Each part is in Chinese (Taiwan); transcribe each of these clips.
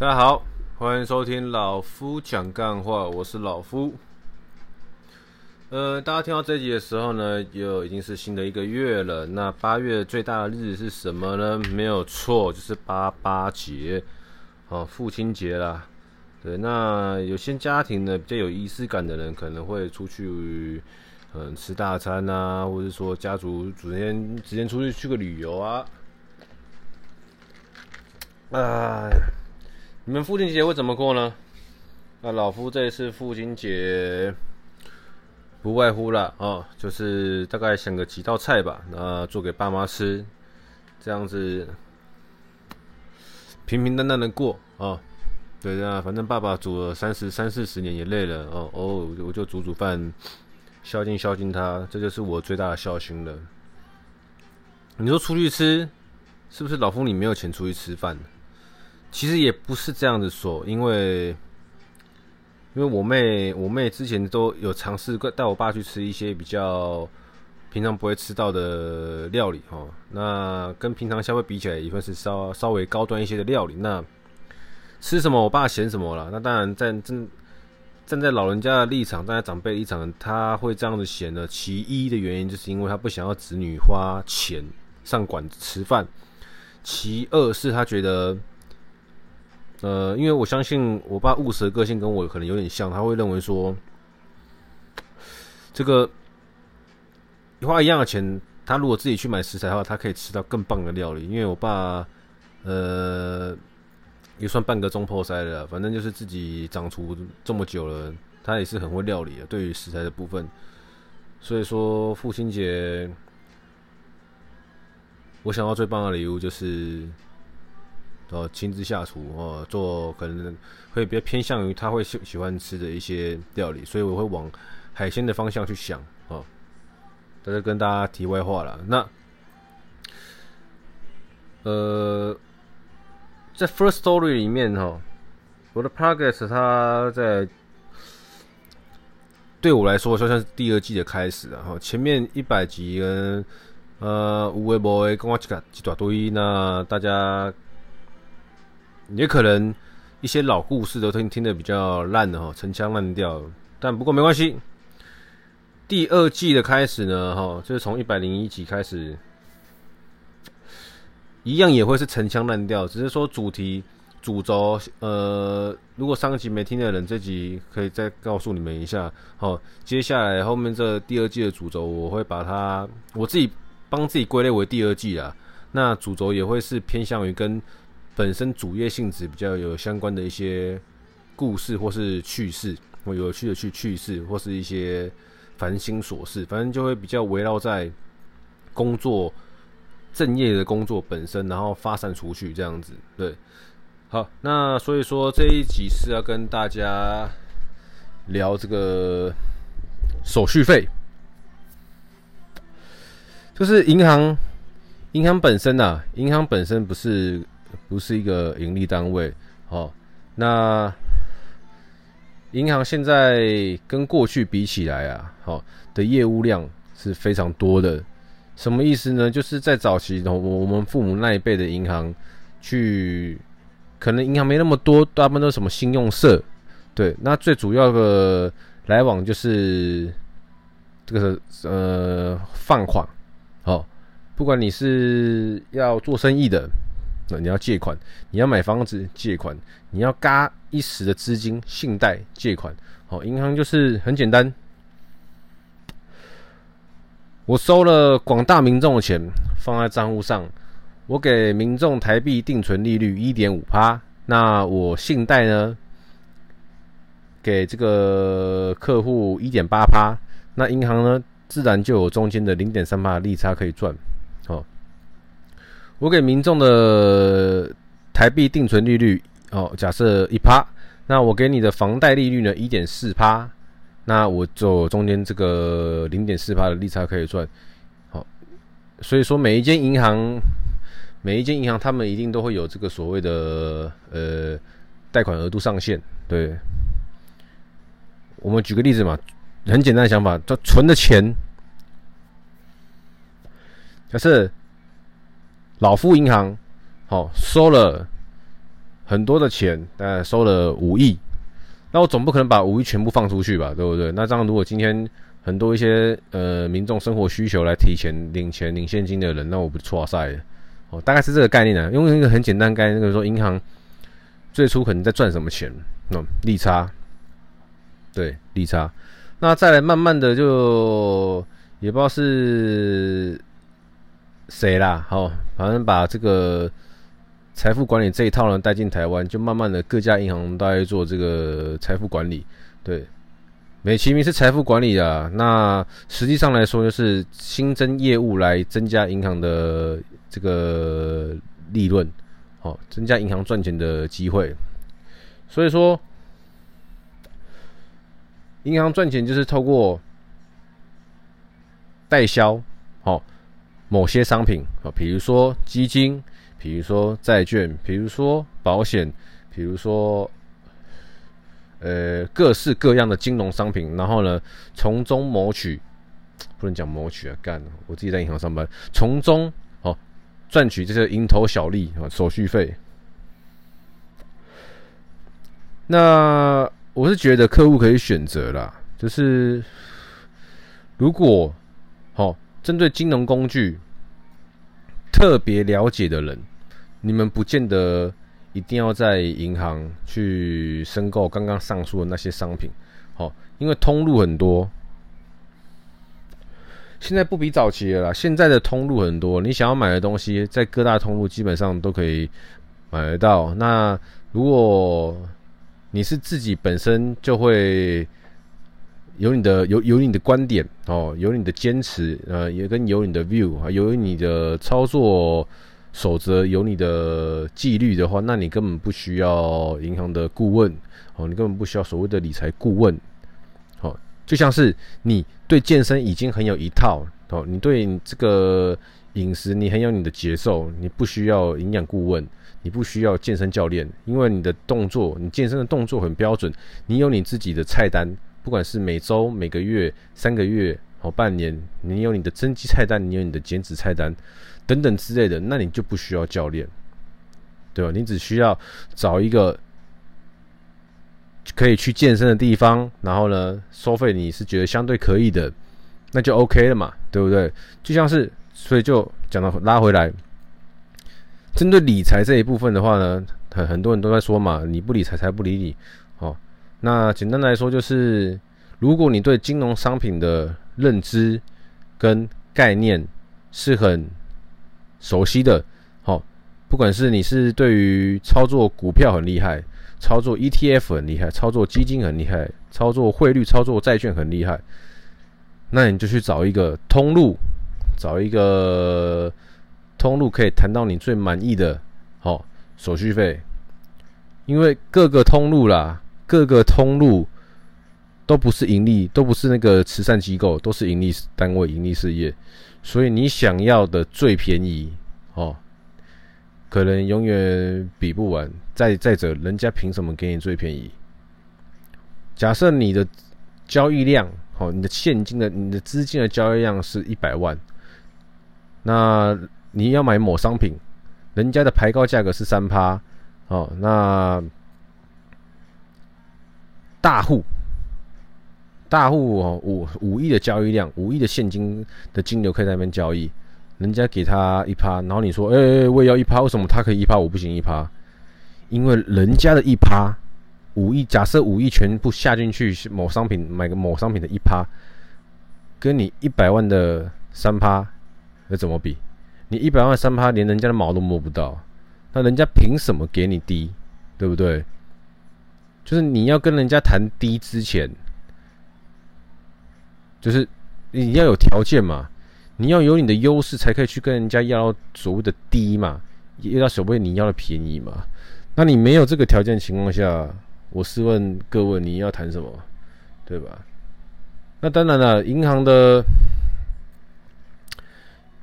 大家好，歡迎收聽老夫講幹話，我是老夫。呃，大家聽到這集的時候呢，又已經是新的一個月了。那八月最大的日子是什麼呢？沒有錯，就是八八節哦，父親節啦。對，那有些家庭呢，比較有儀式感的人，可能會出去嗯、呃、吃大餐啊，或者是說家族昨天直接出去去個旅遊啊啊。啊你們父親節會怎麼過呢？那老夫這一次父親節，不外乎了啊、哦，就是大概想個幾道菜吧，那做給爸媽吃，這樣子平平淡淡的過啊、哦。對啊，反正爸爸煮了三十三四十年也累了哦，我就煮煮飯，孝敬孝敬他，這就是我最大的孝心了。你說出去吃，是不是老夫你沒有錢出去吃飯？其實也不是這樣子說，因為因為我妹我妹之前都有嘗試帶我爸去吃一些比較平常不會吃到的料理哦，那跟平常消費比起來，也算是稍稍微高端一些的料理。那吃什麼，我爸嫌什麼啦？那當然站正站在老人家的立場，站在長輩立場，他會這樣子嫌呢。其一的原因就是因為他不想要子女花錢上館子吃飯，其二是他覺得。呃，因為我相信我爸務實的個性跟我可能有點像，他會認為說，這個花一樣的錢，他如果自己去買食材的話，他可以吃到更棒的料理。因為我爸，呃，也算半個總舖師了，反正就是自己掌廚這麼久了，他也是很會料理的，對於食材的部分。所以說，父親節我想要最棒的禮物就是。哦，親自下廚哦，做可能會比較偏向於他會喜喜歡吃的一些料理，所以我會往海鮮的方向去想哦。在這跟大家題外話啦。那呃，在 Firstory 裡面哈、哦，我的 Project 他在對我來說就算是第二季的開始了哈、哦。前面一百集、嗯、呃，有誒無誒跟我講一大堆，那大家。也可能一些老故事都聽聽得比較爛的哈，陳腔濫調。但不過沒關係，第二季的開始呢，哈，就是從一百零一集開始，一樣也會是陳腔濫調，只是說主題主軸呃，如果上一集沒聽的人，這集可以再告訴你們一下。好，接下來後面這第二季的主軸，我會把它我自己幫自己歸類為第二季啊。那主軸也會是偏向於跟。本身主業性質比較有相關的一些故事，或是趣事，或有趣的趣趣事，或是一些煩心瑣事，反正就會比較圍繞在工作正業的工作本身，然後發散出去這樣子。對，好，那所以說這一集是要跟大家聊這個手續費，就是銀行，銀行本身啊，銀行本身不是。不是一個盈利單位，哦，那銀行現在跟過去比起來啊，好、哦、的業務量是非常多的。什麼意思呢？就是在早期，我我們父母那一輩的銀行，去可能銀行沒那麼多，大部分都是什麼信用社，對，那最主要的來往就是這個是呃放款，哦，不管你是要做生意的。那你要借款，你要買房子借款，你要嘎一時的資金信貸借款，好、哦，銀行就是很簡單，我收了廣大民眾的錢放在賬戶上，我給民眾台幣定存利率一點五趴，那我信貸呢，給這個客戶一點八趴，那銀行呢自然就有中間的零點三的利差可以賺。我給民眾的台幣定存利率，哦，假設一趴，那我給你的房貸利率呢？一點四趴，那我就中間這個零點四趴的利差可以賺，好，所以說每一間銀行，每一間銀行他們一定都會有這個所謂的呃貸款額度上限，對，我們舉個例子嘛，很簡單的想法，就存的錢，假設。老夫銀行，好、哦、收了很多的錢，呃，收了五億，那我總不可能把五億全部放出去吧，對不對？那這樣如果今天很多一些呃民眾生活需求來提前領錢、領現金的人，那我不錯。啊塞，哦，大概是這個概念啊。因為一個很簡單概念，就是說銀行最初可能在賺什麼錢？那、嗯、利差，對，利差。那再來慢慢的就也不知道是。誰啦？好，反正把這個財富管理這一套呢帶進台灣，就慢慢的各家銀行都在做這個財富管理。對，美其名是財富管理啊，那實際上來說就是新增業務來增加銀行的這個利潤，好，增加銀行賺錢的機會。所以說，銀行賺錢就是透過代銷。某些商品啊，比如說基金，比如說債券，比如說保險，比如說，呃，各式各樣的金融商品，然後呢，從中謀取，不能講謀取啊，幹，我自己在銀行上班，從中哦賺取這些蠅頭小利啊，手續費。那我是覺得客戶可以選擇啦，就是如果。針對金融工具特別了解的人，你們不見得一定要在銀行去申購剛剛上述的那些商品，好、哦，因為通路很多。現在不比早期了啦，現在的通路很多，你想要買的東西，在各大通路基本上都可以買得到。那如果你是自己本身就會。有你的有有你的觀點哦，有你的堅持，呃，也跟有你的 view，有你的操作守則，有你的紀律的話，那你根本不需要銀行的顧問哦，你根本不需要所謂的理財顧問，哦，就像是你對健身已經很有一套哦，你對你這個飲食你很有你的節奏，你不需要營養顧問，你不需要健身教練，因為你的動作，你健身的動作很標準，你有你自己的菜單。不管是每週、每個月、三個月或、哦、半年，你有你的增肌菜單，你有你的減脂菜單，等等之類的，那你就不需要教練，對吧？你只需要找一個可以去健身的地方，然後呢，收費你是覺得相對可以的，那就 OK 了嘛，對不對？就像是，所以就講到拉回來，針對理財這一部分的話呢，很很多人都在說嘛，你不理財，財不理你。那簡單來說，就是如果你對金融商品的認知跟概念是很熟悉的，哦，不管是你是對於操作股票很厲害，操作 ETF 很厲害，操作基金很厲害，操作匯率、操作債券很厲害，那你就去找一個通路，找一個通路可以談到你最滿意的，好，手續費，因為各個通路啦。各個通路，都不是盈利，都不是那個慈善機構，都是盈利單位、盈利事業，所以你想要的最便宜哦，可能永遠比不完。再再者，人家憑什麼給你最便宜？假設你的交易量好、哦，你的現金的、你的資金的交易量是一百萬，那你要買某商品，人家的牌告價格是三趴，哦，那。大戶，大戶哦、喔，五五億的交易量，五億的現金的金流可以在那邊交易。人家給他一趴，然後你說，哎、欸欸，我也要一趴，為什麼他可以一趴，我不行一趴？因為人家的一趴五億，假設五億全部下進去某商品，買個某商品的一趴，跟你一百萬的三趴，那怎麼比？你一百萬三趴，連人家的毛都摸不到，那人家憑什麼給你低？對不對？就是你要跟人家談低之前，就是你要有條件嘛，你要有你的優勢才可以去跟人家要所謂的低嘛，要所謂你要的便宜嘛。那你沒有這個條件的情況下，我試問各位，你要談什麼？對吧？那當然了，啊，銀行的，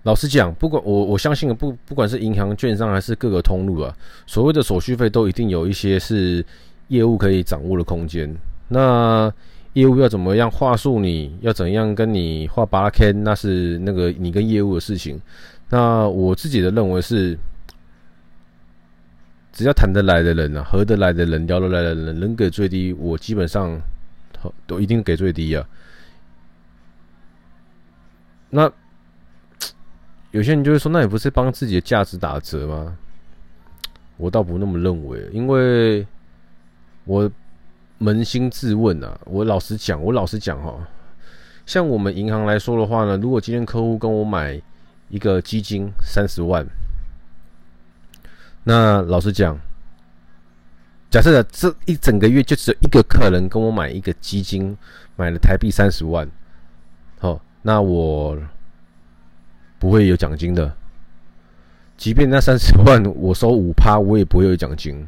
老實講，不管我我相信不不管是銀行、券商、還是各個通路啊，所謂的手續費都一定有一些是。業務可以掌握的空間，那業務要怎麼樣話術？你要怎樣跟你畫八 k？那是那個你跟業務的事情。那我自己的認為是，只要談得來的人啊，合得來的人，聊得來的人，能給最低，我基本上都一定給最低啊。那有些人就會說，那也不是幫自己的價值打折嗎？我倒不那麼認為，因為。我捫心自問啊，我老實講，我老實講哦，像我們銀行來說的話呢，如果今天客戶跟我買一個基金三十萬，那老實講，假設這一整個月就只有一個客人跟我買一個基金，買了台幣三十萬，好，那我不會有獎金的，即便那三十萬我收五趴，我也不會有獎金。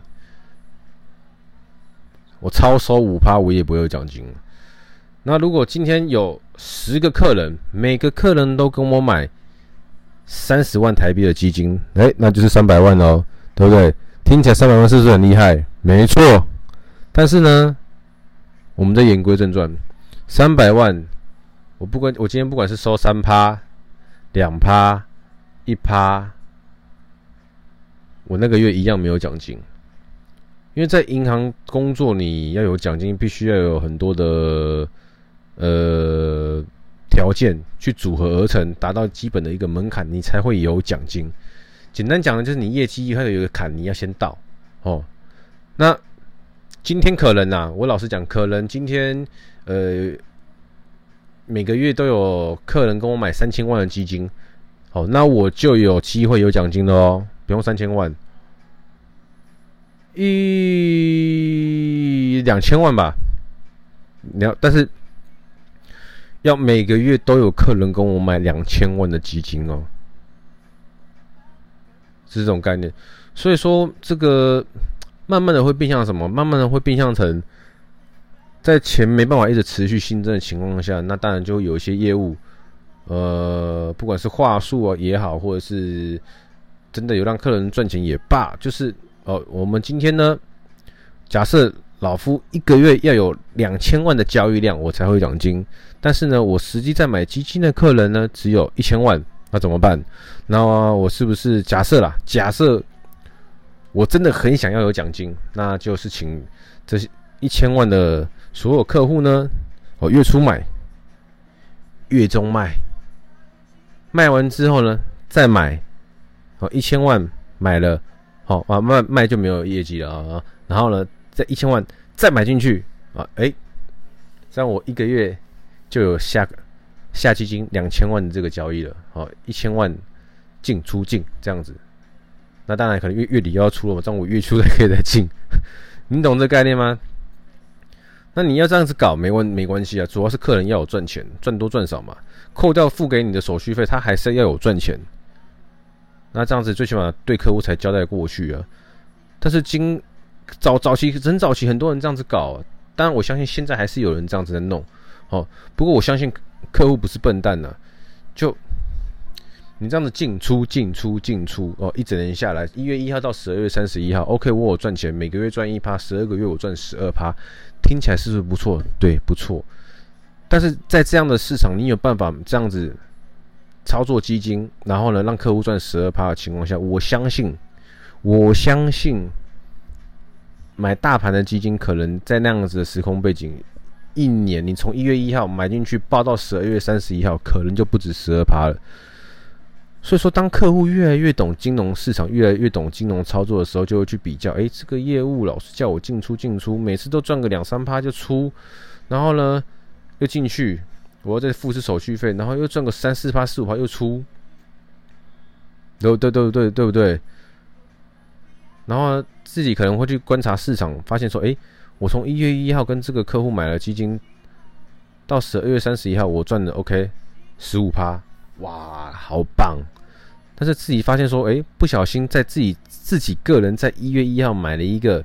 我超收五趴，我也不會有獎金。那如果今天有十個客人，每個客人都跟我買三十萬台幣的基金，哎、欸，那就是三百萬哦，對不對？嗯、聽起來三百萬是不是很厲害？沒錯，但是呢，我們再言歸正傳，三百萬，我不管，我今天不管是收三趴、兩趴、一趴，我那個月一樣沒有獎金。因為在銀行工作，你要有獎金，必須要有很多的呃條件去組合而成，達到基本的一個門檻，你才會有獎金。簡單講呢，就是你業績還有一個坎，你要先到哦。那今天可能啊，我老實講，可能今天呃每個月都有客人跟我買三千萬的基金，好，那我就有機會有獎金的哦，不用三千萬。一兩千萬吧，你要，但是要每個月都有客人跟我買兩千萬的基金哦，是這種概念。所以說，這個慢慢的會變相什麼？慢慢的會變相成，在錢沒辦法一直持續新增的情況下，那當然就有一些業務，呃，不管是話術啊也好，或者是真的有讓客人賺錢也罷，就是。哦，我們今天呢，假設老夫一個月要有兩千萬的交易量，我才會獎金。但是呢，我實際在買基金的客人呢，只有一千萬，那怎麼辦？那我是不是假設啦？假設我真的很想要有獎金，那就是請這些一千萬的所有客戶呢，哦，月初買，月中賣，賣完之後呢，再買，哦，一千萬買了。好、哦、啊，賣賣就沒有業績了啊。然後呢，這一千萬再買進去啊，誒、欸，這樣我一個月就有下下基金兩千萬的這個交易了。好、啊，一千萬進出進這樣子，那當然可能月月底又要出了嘛，這樣我月出再可以再進，你懂這個概念嗎？那你要這樣子搞沒關沒關係啊，主要是客人要有賺錢，賺多賺少嘛，扣掉付給你的手續費，他還是要有賺錢。那這樣子最起碼對客戶才交代過去啊。但是今早早期很早期，很多人這樣子搞、啊，當然我相信現在還是有人這樣子在弄。哦，不過我相信客戶不是笨蛋的、啊，就你這樣子進出進出進出哦，一整年下來，一月一號到十二月三十一號，OK，我我賺錢，每個月賺一趴，十二個月我賺十二趴，聽起來是不是不錯？對，不錯。但是在這樣的市場，你有辦法這樣子操作基金，然後呢，讓客戶賺十二趴的情況下，我相信，我相信買大盤的基金，可能在那樣子的時空背景，一年，你從一月一號買進去，抱到十二月三十一號，可能就不止十二趴了。所以說，當客戶越來越懂金融市場，越來越懂金融操作的時候，就會去比較，誒，這個業務老是叫我進出進出，每次都賺個兩三趴就出，然後呢，又進去。我要再付出手續費，然後又賺個三四趴四五趴又出，對對對對對不對？然後自己可能會去觀察市場，發現說，哎，我從一月一號跟這個客戶買了基金，到十二月三十一號我賺的 OK 十五趴，哇，好棒！但是自己發現說，哎，不小心在自己自己個人在一月一號買了一個。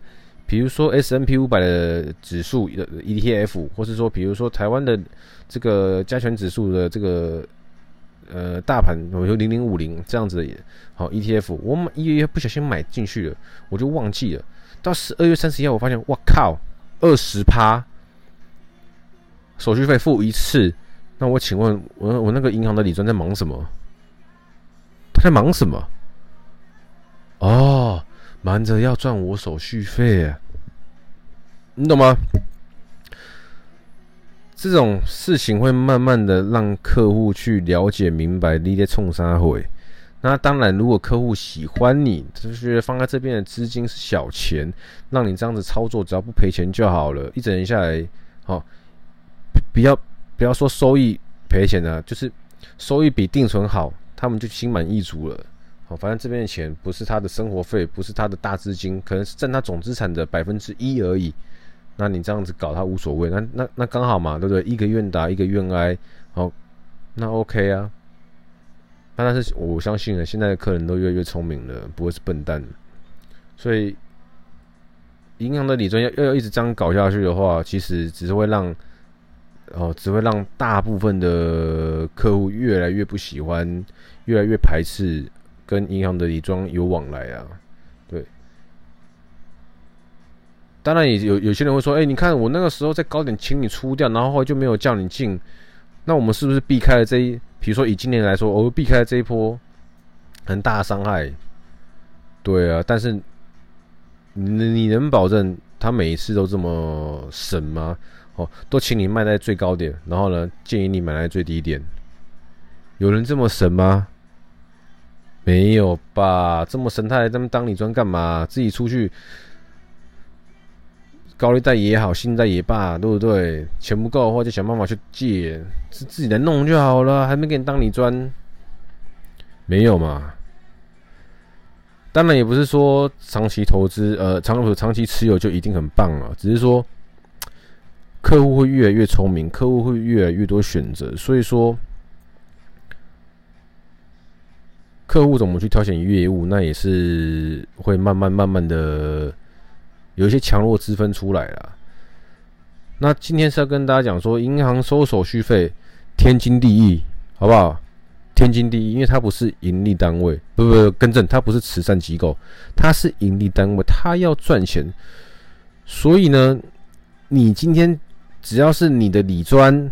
比如說 S&P 五百的指數的 E T F，或是說比如說台灣的這個加權指數的這個呃大盤，有零零五零這樣子的，好 E T F，我買一不小心買進去了，我就忘記了。到十二月三十一號，我發現，我靠，二十趴，手續費付一次，那我請問我，我我那個銀行的理專在忙什麼？他在忙什麼？哦，忙着要賺我手續費啊。你懂嗎？這種事情會慢慢的讓客戶去了解明白你在衝啥毀。那當然，如果客戶喜歡你，就覺得放在這邊的資金是小錢，讓你這樣子操作，只要不賠錢就好了。一整年下來，哦，比較不要說收益賠錢啊，就是收益比定存好，他們就心滿意足了。哦，反正這邊的錢不是他的生活費，不是他的大資金，可能是占他總資產的百分之一而已。那你這樣子搞他無所謂，那那那剛好嘛，對不對？一個願打，一個願挨，好，那 OK 啊。那但是我相信啊，現在的客人都越來越聰明了，不會是笨蛋。所以，銀行的理專要要一直這樣搞下去的話，其實只是會讓哦，只會讓大部分的客戶越來越不喜歡，越來越排斥跟銀行的理專有往來啊。當然也有有些人會說：“哎、欸，你看我那個時候在高點，請你出掉，然後，後來就沒有叫你進。那我們是不是避開了這一？比如說以今年來說，我們避開了這一波很大的傷害。對啊，但是你，你能保證他每一次都這麼神嗎？哦，都請你賣在最高點，然後呢，建議你買在最低點。有人這麼神嗎？沒有吧，這麼神態，這麼當理專幹嘛？自己出去。”高利貸也好，信貸也罷，對不對？錢不夠的話，就想辦法去借，自己來弄就好了。還沒給你當禮磚，沒有嘛？當然也不是說長期投資，呃，長長期持有就一定很棒了啊。只是說，客戶會越來越聰明，客戶會越來越多選擇。所以說，客戶怎麼去挑選業務，那也是會慢慢慢慢的。有一些強弱之分出來了。那今天是要跟大家講說，銀行收手續費天經地義，好不好？天經地義，因為它不是盈利單位。不不，不，更正，它不是慈善機構，它是盈利單位，它要賺錢。所以呢，你今天只要是你的理專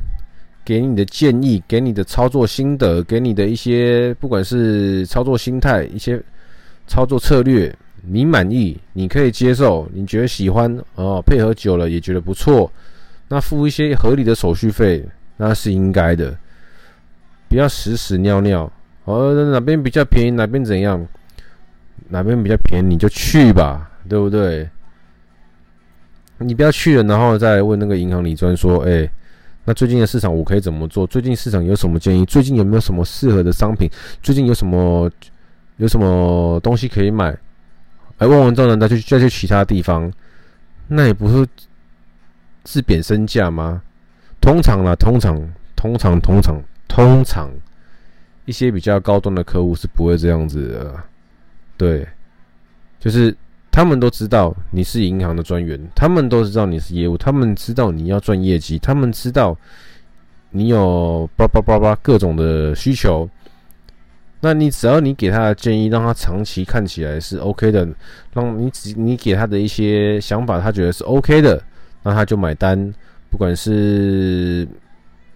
給你的建議，給你的操作心得，給你的一些不管是操作心態，一些操作策略。你滿意，你可以接受，你覺得喜歡哦，配合久了也覺得不錯，那付一些合理的手續費那是應該的。不要屎屎尿尿哦，哪邊比較便宜，哪邊怎樣，哪邊比較便宜你就去吧，對不對？你不要去了，然後再來問那個銀行理專說，哎、欸，那最近的市場我可以怎麼做？最近市場有什麼建議？最近有沒有什麼適合的商品？最近有什麼有什麼東西可以買？還、哎、問完之後呢，再去再去其他地方，那也不是自貶身價嗎？通常啦，通常，通常，通常，通常，一些比較高端的客戶是不會這樣子的啦。對，就是他們都知道你是銀行的專員，他們都知道你是業務，他們知道你要賺業績，他們知道你有叭叭叭叭各種的需求。那你只要你給他的建議，讓他長期看起來是 OK 的，讓你只你給他的一些想法他覺得是 OK 的，那他就買單，不管是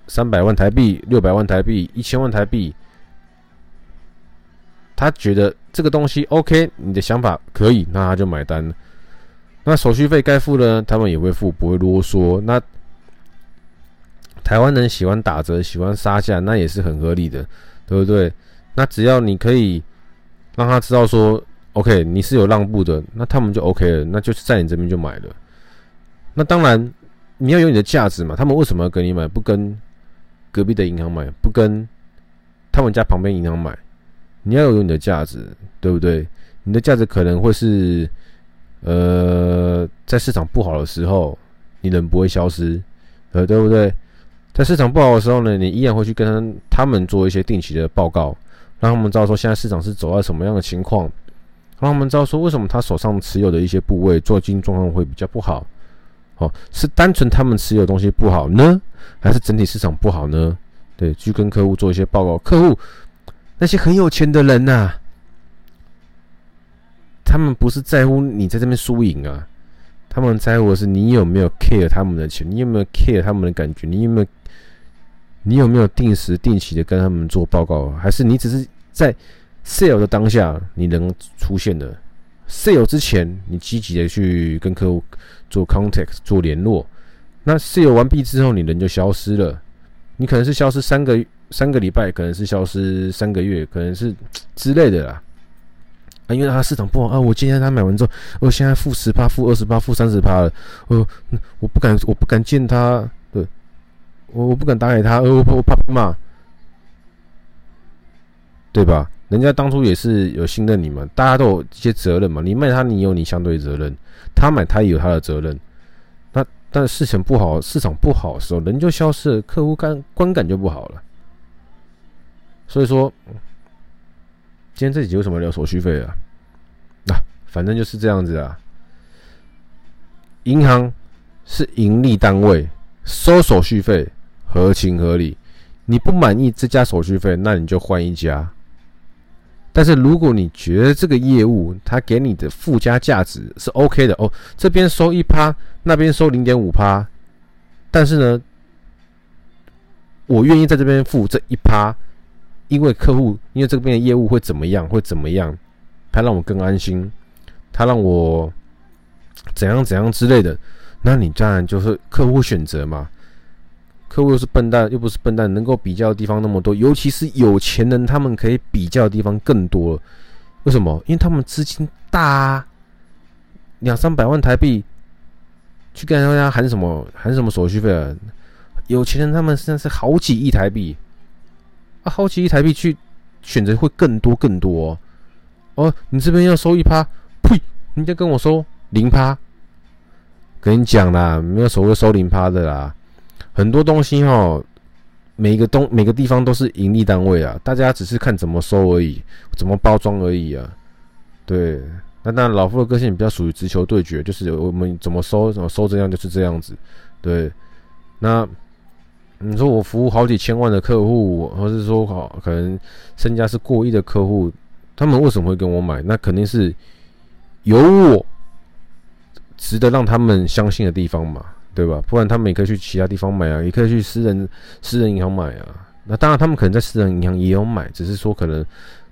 三百萬台幣、六百萬台幣、一千萬台幣，他覺得這個東西 OK，你的想法可以，那他就買單。那手續費該付呢，他們也會付，不會囉嗦。那台灣人喜歡打折，喜歡殺價，那也是很合理的，對不對？那只要你可以讓他知道說，OK，你是有讓步的，那他們就 OK 了，那就是在你這邊就買了。那當然你要有你的價值嘛，他們為什麼要跟你買，不跟隔壁的銀行買，不跟他們家旁邊銀行買？你要有你的價值，對不對？你的價值可能會是，呃，在市場不好的時候，你人不會消失，呃，對不對？在市場不好的時候呢，你依然會去跟他們做一些定期的報告。讓他們知道說現在市場是走到什麼樣的情況，讓他們知道說為什麼他手上持有的一些部位做金狀況會比較不好，哦，是單純他們持有的東西不好呢，還是整體市場不好呢？對，去跟客戶做一些報告。客戶那些很有錢的人吶、啊，他們不是在乎你在這邊輸贏啊，他們在乎的是你有沒有 care 他們的錢，你有沒有 care 他們的感覺，你有沒有，你有沒有定時定期的跟他們做報告，還是你只是？在 sale 的當下，你能出現的 sale 之前，你積極的去跟客戶做 contact 做聯絡。那 sale 完畢之後，你人就消失了。你可能是消失三個三個禮拜，可能是消失三個月，可能是，可能是之類的啦。啊，因為他市場不好啊，我今天他買完之後，我現在負十趴、負二十趴、負三十趴了。哦，我不敢，我不敢見他，對，我我不敢打給他，我我怕被罵。對吧？人家當初也是有信任你們，大家都有一些責任嘛。你賣他，你有你相對責任；他買，他也有他的責任。但但是事情不好，市場不好的時候，人就消失了，客戶感觀感就不好了。所以說，今天這集有什麼聊手續費啊？那、啊、反正就是這樣子啊。銀行是盈利單位，收手續費合情合理。你不滿意這家手續費，那你就換一家。但是如果你覺得這個業務它給你的附加價值是 OK 的哦、喔，這邊收一趴，那邊收零點五趴，但是呢，我願意在這邊付這一趴，因為客戶因為這邊的業務會怎麼樣會怎麼樣，他讓我更安心，他讓我怎樣怎樣之類的，那你當然就是客戶選擇嘛。客戶又是笨蛋，又不是笨蛋，能夠比較的地方那麼多，尤其是有錢人，他們可以比較的地方更多了。為什麼？因為他們資金大，啊，兩三百萬台幣去跟人家談什麼談什麼手續費啊？有錢人他們現在是好幾億台幣啊，好幾億台幣去選擇會更多更多。哦，哦，你這邊要收一趴，呸！人家跟我說零趴，跟你講啦，沒有所謂收零趴的啦。很多東西哈，每個東每個地方都是盈利單位啊，大家只是看怎麼收而已，怎麼包裝而已啊。對，那那老夫的個性比較屬於直球對決，就是我們怎麼收，怎麼收這樣就是這樣子。對，那你說我服務好幾千萬的客戶，或是說好可能身家是過億的客戶，他們為什麼會跟我買？那肯定是有我值得讓他們相信的地方嘛。對吧？不然他們也可以去其他地方買啊，也可以去私人私人銀行買啊。那當然，他們可能在私人銀行也有買，只是說可能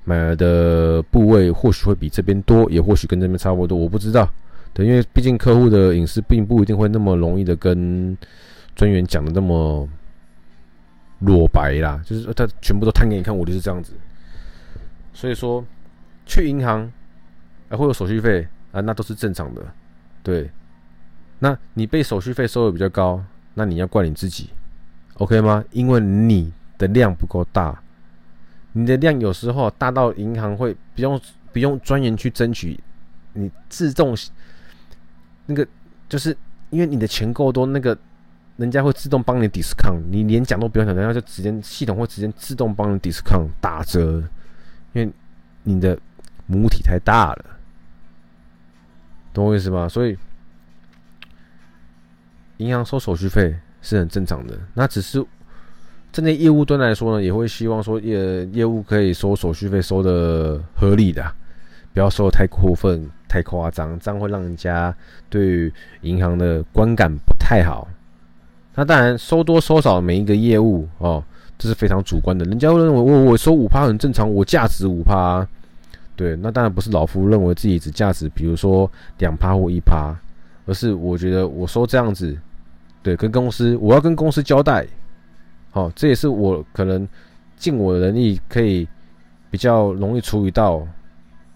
買的部位或許會比這邊多，也或許跟這邊差不多，我不知道。對，因為畢竟客戶的隱私並不一定會那麼容易的跟專員講的那麼裸白啦，就是他全部都攤給你看，我就是這樣子。所以說去銀行啊會有手續費啊，那都是正常的。對。那你被手續費收的比較高，那你要怪你自己，OK 嗎？因為你的量不夠大，你的量有時候大到銀行會不用不用專員去爭取，你自動那個就是因為你的錢夠多，那個人家會自動幫你 discount，你連講都不用講，人家就直接系統會直接自動幫你 discount 打折，因為你的母體太大了，懂我意思嗎？所以。銀行收手續費是很正常的，那只是針對業務端來說呢，也會希望說，業業務可以收手續費收的合理的，啊，不要收的太過分，太誇張，這樣會讓人家對銀行的觀感不太好。那當然收多收少，每一個業務哦，喔，這是非常主觀的，人家會認為我我收五趴很正常，我價值五趴。對，那當然不是老夫認為自己只價值，比如說兩趴或一趴，而是我覺得我收這樣子。對，跟公司我要跟公司交代，好、哦，這也是我可能盡我的能力可以比較容易處理到，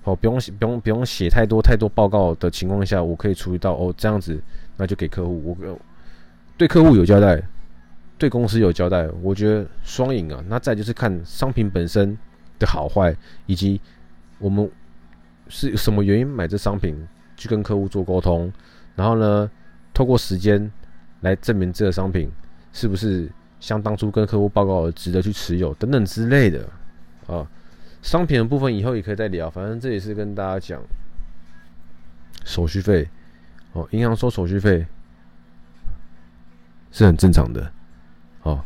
好、哦，不用不用不用寫太多太多報告的情況下，我可以處理到哦，這樣子，那就給客戶，我對客戶有交代，對公司有交代，我覺得雙贏啊。那再就是看商品本身的好壞，以及我們是有什麼原因買這商品，去跟客戶做溝通，然後呢，透過時間。來證明這個商品是不是像當初跟客戶報告而值得去持有等等之類的啊，商品的部分以後也可以再聊。反正這也是跟大家講手續費哦，銀行收手續費是很正常的哦。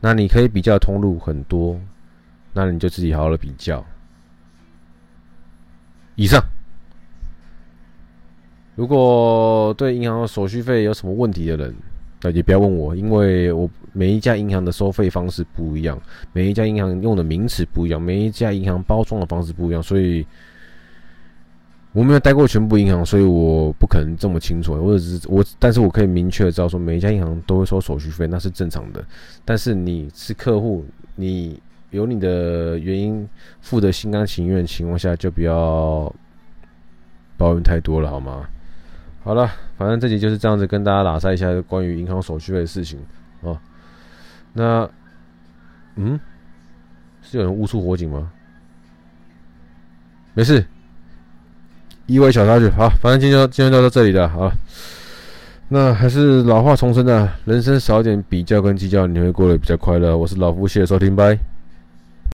那你可以比較通路很多，那你就自己好好的比較。以上。如果對銀行的手續費有什麼問題的人，那也不要問我，因為我每一家銀行的收費方式不一樣，每一家銀行用的名詞不一樣，每一家銀行包裝的方式不一樣，所以我沒有待過全部銀行，所以我不可能這麼清楚。我只是我，但是我可以明確的知道說每一家銀行都會收手續費，那是正常的。但是你是客戶，你有你的原因，付的心甘情願的情況下，就不要抱怨太多了，好嗎？好了，反正這集就是這樣子跟大家喇賽一下關於銀行手續費的事情啊、哦。那，嗯，是有人誤觸火警嗎？沒事，意外小插曲。好，反正今天今天就到這裡了。好。那還是老話重申呢、啊，人生少點比較跟計較，你會過得比較快樂。我是老夫，謝謝收聽，拜。